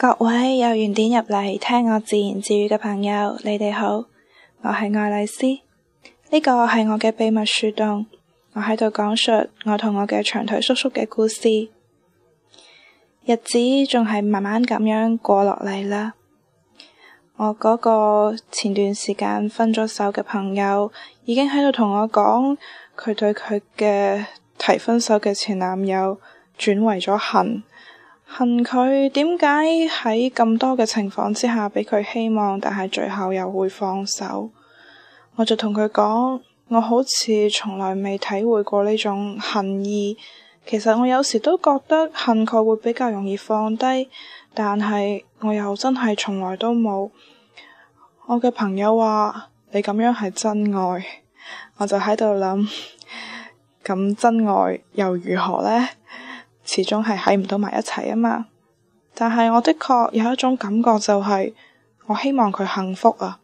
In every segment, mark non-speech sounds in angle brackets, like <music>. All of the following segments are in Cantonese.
各位有緣點入嚟聽我自言自語嘅朋友，你哋好，我係愛麗絲，呢個係我嘅秘密樹洞，我喺度講述我同我嘅長腿叔叔嘅故事。日子仲係慢慢咁樣過落嚟啦。我嗰個前段時間分咗手嘅朋友，已經喺度同我講，佢對佢嘅提分手嘅前男友轉為咗恨。恨佢點解喺咁多嘅情況之下俾佢希望，但係最後又會放手？我就同佢講，我好似從來未體會過呢種恨意。其實我有時都覺得恨佢會比較容易放低，但係我又真係從來都冇。我嘅朋友話你咁樣係真愛，我就喺度諗，咁 <laughs> 真愛又如何呢？始終係喺唔到埋一齊啊嘛。但係我的確有一種感覺就係，我希望佢幸福啊。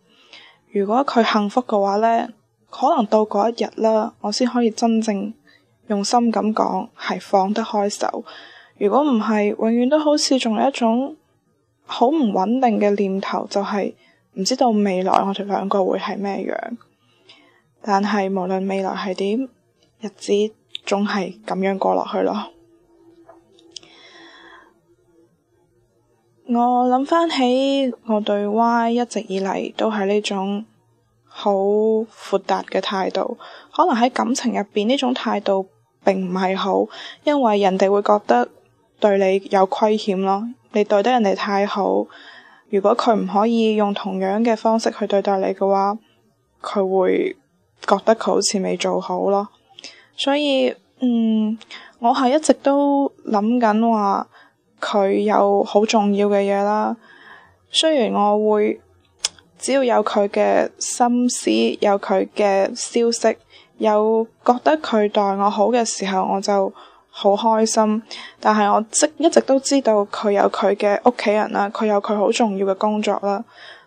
如果佢幸福嘅話呢，可能到嗰一日啦，我先可以真正用心咁講係放得開手。如果唔係，永遠都好似仲有一種好唔穩定嘅念頭，就係唔知道未來我哋兩個會係咩樣。但係無論未來係點，日子總係咁樣過落去咯。我諗翻起我對 Y 一直以嚟都係呢種好闊達嘅態度，可能喺感情入邊呢種態度並唔係好，因為人哋會覺得對你有虧欠咯，你對得人哋太好，如果佢唔可以用同樣嘅方式去對待你嘅話，佢會覺得佢好似未做好咯。所以，嗯，我係一直都諗緊話。佢有好重要嘅嘢啦。雖然我會只要有佢嘅心思，有佢嘅消息，有覺得佢待我好嘅時候，我就好開心。但係我即一直都知道佢有佢嘅屋企人啦，佢有佢好重要嘅工作啦。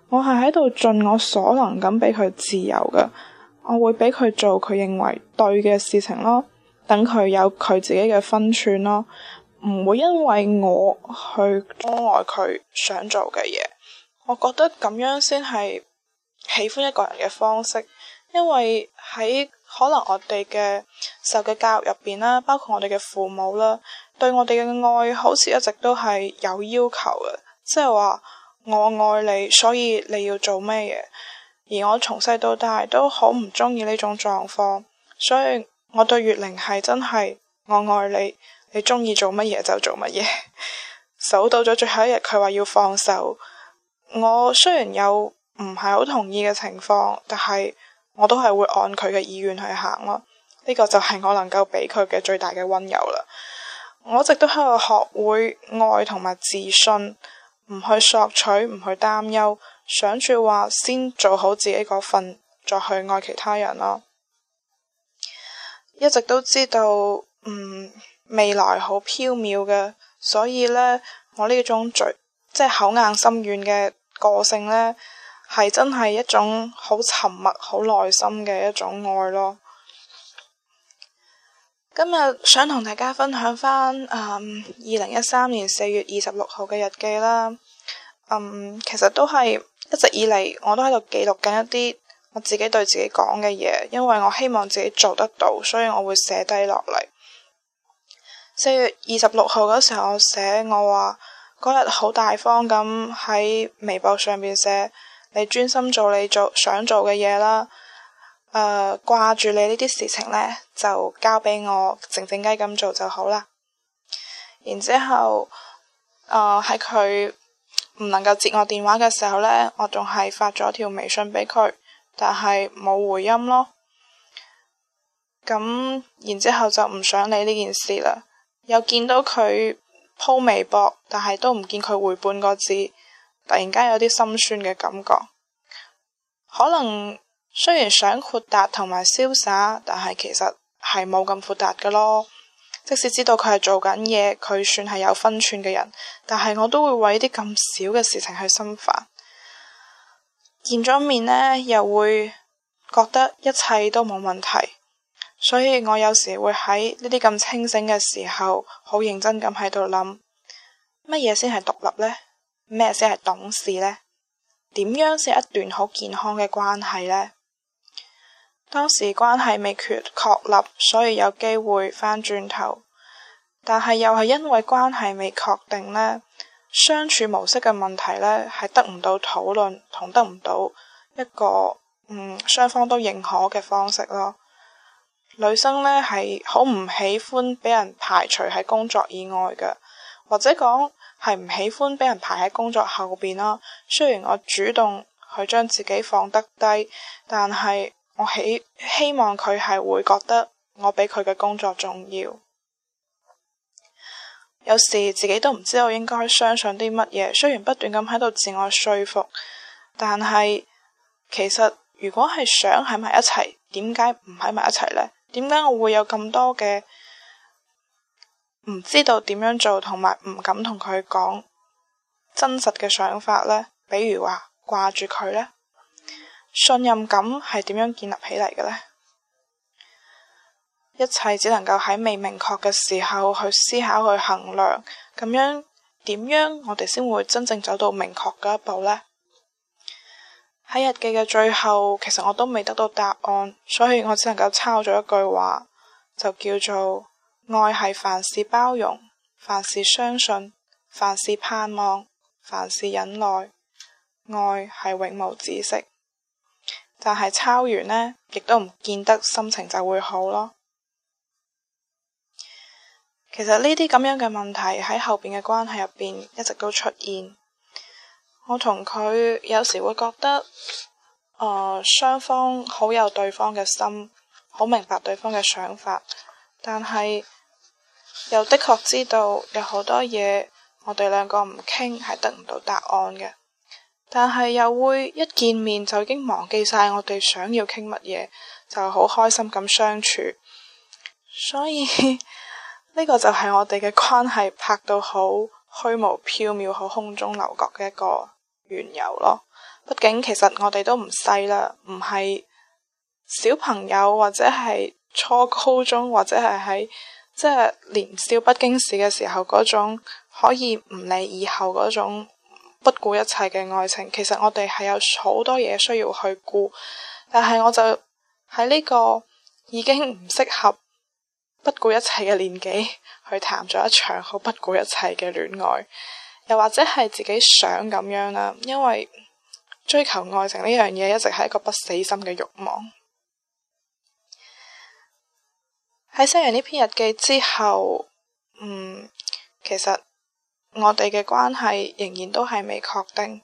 我係喺度盡我所能咁俾佢自由㗎，我會俾佢做佢認為對嘅事情咯，等佢有佢自己嘅分寸咯。唔會因為我去多愛佢想做嘅嘢，我覺得咁樣先係喜歡一個人嘅方式，因為喺可能我哋嘅受嘅教育入邊啦，包括我哋嘅父母啦，對我哋嘅愛好似一直都係有要求嘅，即係話我愛你，所以你要做咩嘢。而我從細到大都好唔中意呢種狀況，所以我對月玲係真係我愛你。你中意做乜嘢就做乜嘢， <laughs> 守到咗最後一日，佢話要放手。我雖然有唔係好同意嘅情況，但係我都係會按佢嘅意願去行咯。呢個就係我能夠俾佢嘅最大嘅溫柔啦。我一直都喺度學會愛同埋自信，唔去索取，唔去擔憂，想住話先做好自己嗰份，再去愛其他人咯。一直都知道，嗯。未來好縹緲嘅，所以呢，我呢種嘴，即係口硬心軟嘅個性呢，係真係一種好沉默、好耐心嘅一種愛咯。今日想同大家分享返，嗯，二零一三年四月二十六號嘅日記啦。嗯，其實都係一直以嚟我都喺度記錄緊一啲我自己對自己講嘅嘢，因為我希望自己做得到，所以我會寫低落嚟。四月二十六號嗰時候，我寫，我話嗰日好大方咁喺微博上面寫，你專心做你做想做嘅嘢啦。誒、呃，掛住你呢啲事情呢，就交俾我靜靜雞咁做就好啦。然之後，喺佢唔能夠接我電話嘅時候呢，我仲係發咗條微信俾佢，但係冇回音咯。咁，然之後就唔想理呢件事啦。又見到佢鋪微博，但係都唔見佢回半個字，突然間有啲心酸嘅感覺。可能雖然想豁達同埋瀟灑，但係其實係冇咁豁達㗎囉。即使知道佢係做緊嘢，佢算係有分寸嘅人，但係我都會為啲咁少嘅事情去心煩。見咗面呢，又會覺得一切都冇問題。所以我有時會喺呢啲咁清醒嘅時候，好認真咁喺度諗乜嘢先係獨立呢？咩先係懂事呢？點樣先係一段好健康嘅關係呢？當時關係未決確立，所以有機會返轉頭，但係又係因為關係未確定呢，相處模式嘅問題呢，係得唔到討論，同得唔到一個嗯雙方都認可嘅方式咯。女生呢係好唔喜歡俾人排除喺工作以外嘅，或者講係唔喜歡俾人排喺工作後邊啦。雖然我主動去將自己放得低，但係我希希望佢係會覺得我比佢嘅工作重要。有時自己都唔知道應該相信啲乜嘢。雖然不斷咁喺度自我說服，但係其實如果係想喺埋一齊，點解唔喺埋一齊呢？點解我會有咁多嘅唔知道點樣做，同埋唔敢同佢講真實嘅想法呢？比如話掛住佢呢，信任感係點樣建立起嚟嘅呢？一切只能夠喺未明確嘅時候去思考、去衡量。咁樣點樣我哋先會真正走到明確嘅一步呢？喺日記嘅最後，其實我都未得到答案，所以我只能夠抄咗一句話，就叫做愛係凡事包容，凡事相信，凡事盼望，凡事忍耐。愛係永無止息。但係抄完呢，亦都唔見得心情就會好咯。其實呢啲咁樣嘅問題喺後邊嘅關係入邊一直都出現。我同佢有時會覺得，誒、呃、雙方好有對方嘅心，好明白對方嘅想法，但係又的確知道有好多嘢我哋兩個唔傾係得唔到答案嘅，但係又會一見面就已經忘記晒我哋想要傾乜嘢，就好開心咁相處，所以呢 <laughs> 個就係我哋嘅關係拍到好虛無縹緲、好空中樓閣嘅一個原由咯，畢竟其實我哋都唔細啦，唔係小朋友或者係初高中或者係喺即係年少不經事嘅時候嗰種可以唔理以後嗰種不顧一切嘅愛情，其實我哋係有好多嘢需要去顧，但係我就喺呢個已經唔適合不顧一切嘅年紀去談咗一場好不顧一切嘅戀愛。又或者係自己想咁樣啦，因為追求愛情呢樣嘢，一直係一個不死心嘅欲望。喺寫完呢篇日記之後，嗯，其實我哋嘅關係仍然都係未確定。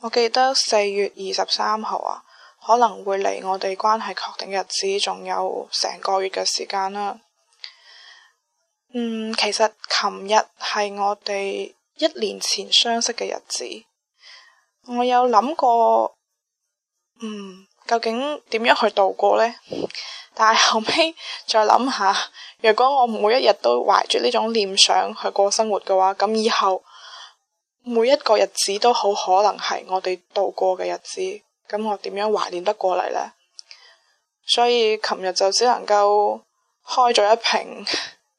我記得四月二十三號啊，可能會離我哋關係確定日子，仲有成個月嘅時間啦。嗯，其實琴日係我哋一年前相識嘅日子，我有諗過，嗯，究竟點樣去度過呢？但係後尾再諗下，如果我每一日都懷住呢種念想去過生活嘅話，咁以後每一個日子都好可能係我哋度過嘅日子。咁我點樣懷念得過嚟呢？所以琴日就只能夠開咗一瓶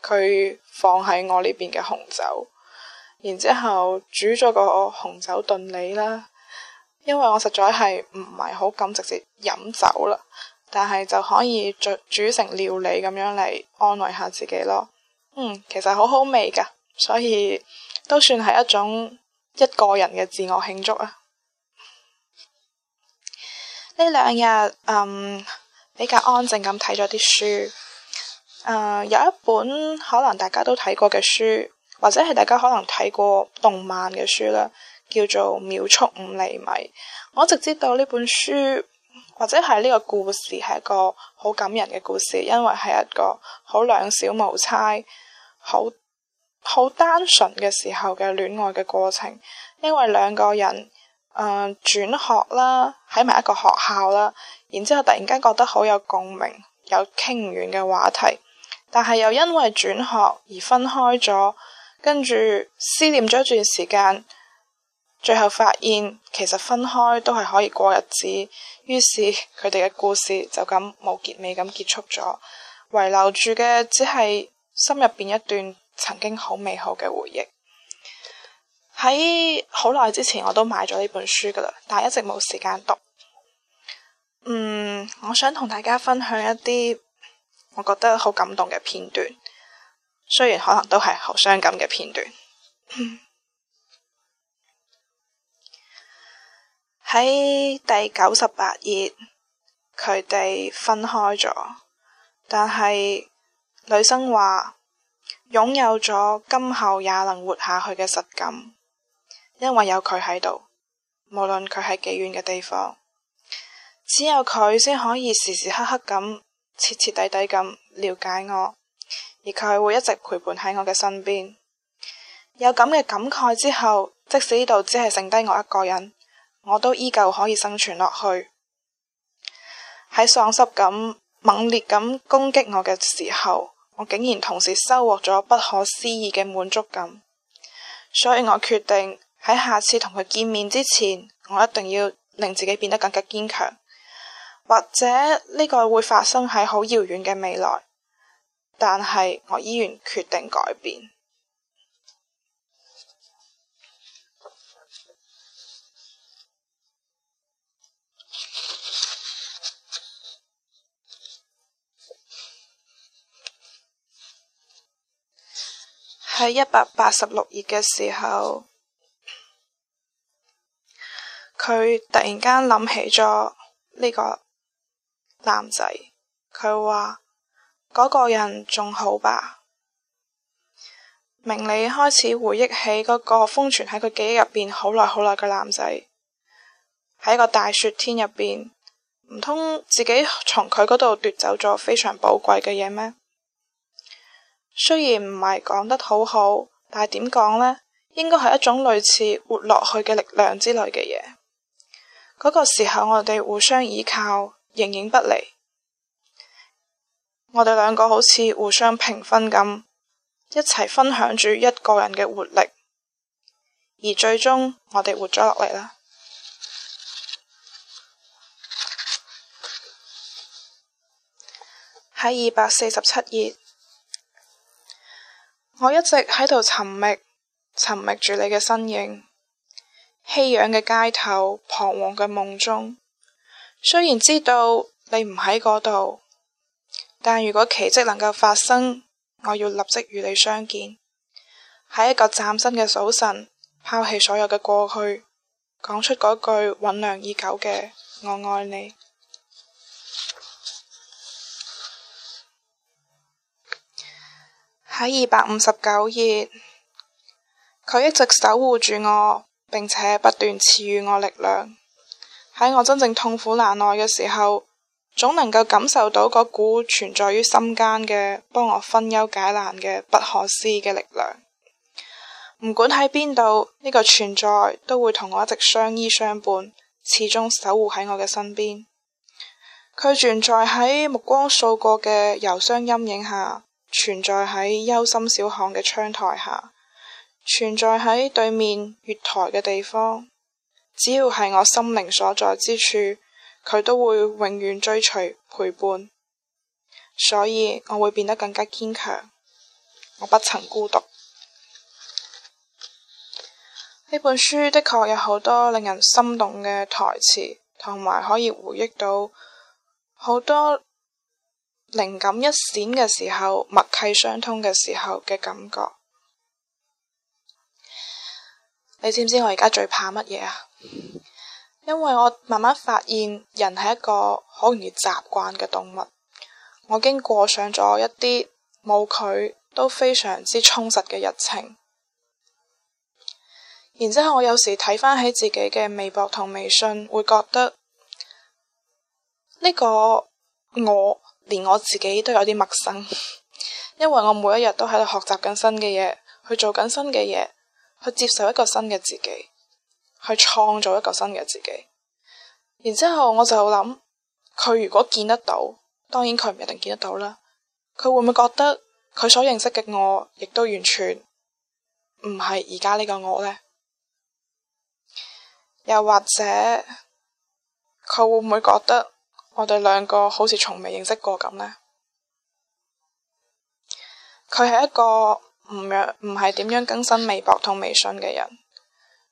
佢放喺我呢邊嘅紅酒。然之後煮咗個紅酒燉梨啦，因為我實在係唔係好敢直接飲酒啦，但係就可以煮煮成料理咁樣嚟安慰下自己咯。嗯，其實好好味噶，所以都算係一種一個人嘅自我慶祝啊。呢兩日嗯，比較安靜咁睇咗啲書，誒、呃、有一本可能大家都睇過嘅書。或者係大家可能睇過動漫嘅書啦，叫做《秒速五厘米》。我一直知道呢本書或者係呢個故事係一個好感人嘅故事，因為係一個好兩小無猜、好好單純嘅時候嘅戀愛嘅過程。因為兩個人誒、呃、轉學啦，喺埋一個學校啦，然之後突然間覺得好有共鳴，有傾唔完嘅話題，但係又因為轉學而分開咗。跟住思念咗一段時間，最後發現其實分開都係可以過日子。於是佢哋嘅故事就咁冇結尾咁結束咗，遺留住嘅只係心入邊一段曾經好美好嘅回憶。喺好耐之前我都買咗呢本書噶啦，但係一直冇時間讀。嗯，我想同大家分享一啲我覺得好感動嘅片段。雖然可能都係好傷感嘅片段，喺 <coughs> 第九十八頁，佢哋分開咗，但係女生話擁有咗今後也能活下去嘅實感，因為有佢喺度，無論佢喺幾遠嘅地方，只有佢先可以時時刻刻咁，徹徹底底咁了解我。而佢會一直陪伴喺我嘅身邊。有咁嘅感慨之後，即使呢度只係剩低我一個人，我都依舊可以生存落去。喺喪失感猛烈咁攻擊我嘅時候，我竟然同時收穫咗不可思議嘅滿足感。所以我決定喺下次同佢見面之前，我一定要令自己變得更加堅強，或者呢個會發生喺好遙遠嘅未來。但係，我依然決定改變。喺一百八十六頁嘅時候，佢突然間諗起咗呢個男仔，佢話。嗰個人仲好吧？明理開始回憶起嗰個封存喺佢記憶入邊好耐好耐嘅男仔，喺個大雪天入邊，唔通自己從佢嗰度奪走咗非常寶貴嘅嘢咩？雖然唔係講得好好，但係點講呢？應該係一種類似活落去嘅力量之類嘅嘢。嗰個時候，我哋互相依靠，形影不離。我哋兩個好似互相平分咁，一齊分享住一個人嘅活力，而最終我哋活咗落嚟啦。喺二百四十七頁，我一直喺度尋覓，尋覓住你嘅身影，熙攘嘅街頭，彷徨嘅夢中。雖然知道你唔喺嗰度。但如果奇跡能夠發生，我要立即與你相見，喺一個嶄新嘅早晨，拋棄所有嘅過去，講出嗰句醞釀已久嘅“我愛你”。喺二百五十九頁，佢一直守護住我，並且不斷賜予我力量。喺我真正痛苦難耐嘅時候。總能夠感受到嗰股存在於心間嘅，幫我分憂解難嘅不可思議嘅力量。唔管喺邊度，呢、這個存在都會同我一直相依相伴，始終守護喺我嘅身邊。佢存在喺目光掃過嘅油箱陰影下，存在喺憂心小巷嘅窗台下，存在喺對面月台嘅地方。只要係我心靈所在之處。佢都會永遠追隨陪伴，所以我會變得更加堅強。我不曾孤獨。呢 <noise> 本書的確有好多令人心動嘅台詞，同埋可以回憶到好多靈感一閃嘅時候、默契相通嘅時候嘅感覺。你知唔知我而家最怕乜嘢啊？因為我慢慢發現，人係一個好容易習慣嘅動物。我經過上咗一啲冇佢都非常之充實嘅日程，然之後我有時睇返起自己嘅微博同微信，會覺得呢個我連我自己都有啲陌生，因為我每一日都喺度學習緊新嘅嘢，去做緊新嘅嘢，去接受一個新嘅自己。去創造一個新嘅自己，然之後我就諗佢如果見得到，當然佢唔一定見得到啦。佢會唔會覺得佢所認識嘅我，亦都完全唔係而家呢個我呢？又或者佢會唔會覺得我哋兩個好似從未認識過咁呢？佢係一個唔讓唔係點樣更新微博同微信嘅人。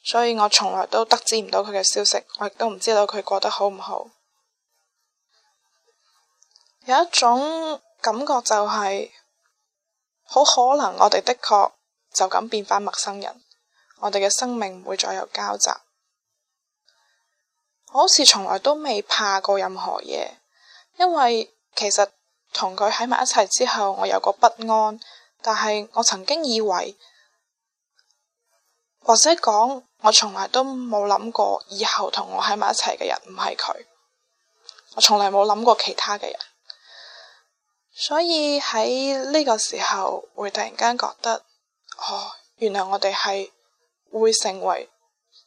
所以我從來都得知唔到佢嘅消息，我亦都唔知道佢過得好唔好。有一種感覺就係，好可能我哋的確就咁變返陌生人，我哋嘅生命唔會再有交集。我好似從來都未怕過任何嘢，因為其實同佢喺埋一齊之後，我有個不安，但係我曾經以為，或者講。我從來都冇諗過以後同我喺埋一齊嘅人唔係佢，我從來冇諗過其他嘅人，所以喺呢個時候會突然間覺得，哦，原來我哋係會成為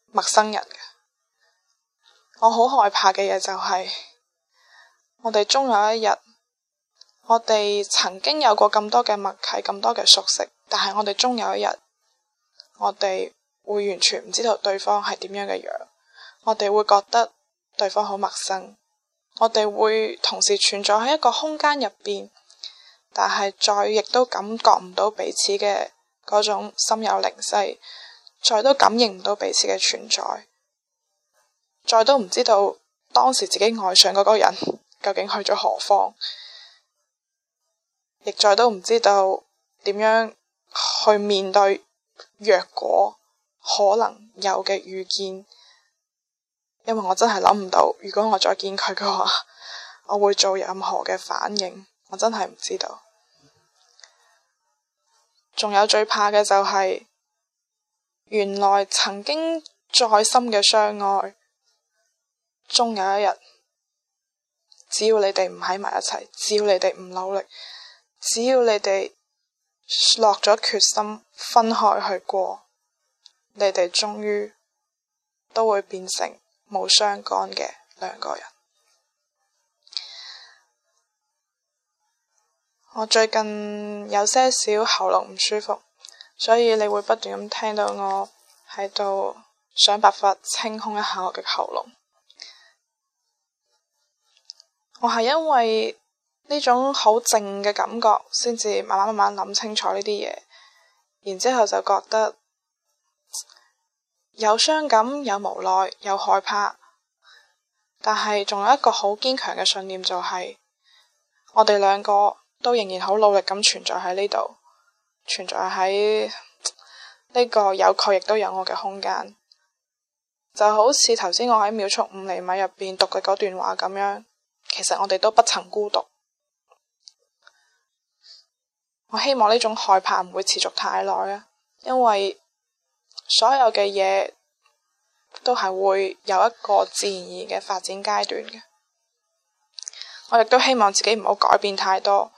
陌生人嘅。我好害怕嘅嘢就係，我哋終有一日，我哋曾經有過咁多嘅默契，咁多嘅熟悉，但係我哋終有一日，我哋。會完全唔知道對方係點樣嘅樣，我哋會覺得對方好陌生，我哋會同時存在喺一個空間入邊，但係再亦都感覺唔到彼此嘅嗰種心有靈犀，再都感應唔到彼此嘅存在，再都唔知道當時自己愛上嗰個人究竟去咗何方，亦再都唔知道點樣去面對。若果。可能有嘅遇見，因為我真係諗唔到，如果我再見佢嘅話，我會做任何嘅反應，我真係唔知道。仲有最怕嘅就係、是，原來曾經再深嘅相愛，終有一日，只要你哋唔喺埋一齊，只要你哋唔努力，只要你哋落咗決心分開去過。你哋終於都會變成冇相干嘅兩個人。我最近有些少喉嚨唔舒服，所以你會不斷咁聽到我喺度想辦法清空一下我嘅喉嚨。我係因為呢種好靜嘅感覺，先至慢慢慢慢諗清楚呢啲嘢，然之後就覺得。有傷感，有無奈，有害怕，但係仲有一個好堅強嘅信念，就係，就係我哋兩個都仍然好努力咁存在喺呢度，存在喺呢個有佢亦都有我嘅空間，就好似頭先我喺《秒速五厘米》入邊讀嘅嗰段話咁樣。其實我哋都不曾孤獨。我希望呢種害怕唔會持續太耐啊，因為，所有嘅嘢都係會有一個自然而然嘅發展階段嘅。我亦都希望自己唔好改變太多，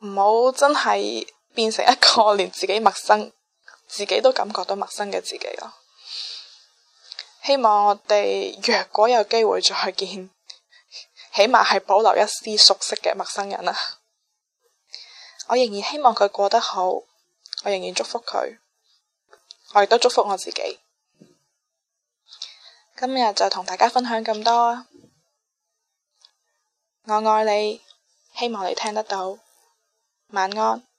唔好真係變成一個連自己陌生、自己都感覺到陌生嘅自己咯。希望我哋若果有機會再見，起碼係保留一啲熟悉嘅陌生人啊！我仍然希望佢過得好，我仍然祝福佢。我亦都祝福我自己。今日就同大家分享咁多啊。我愛你，希望你聽得到。晚安。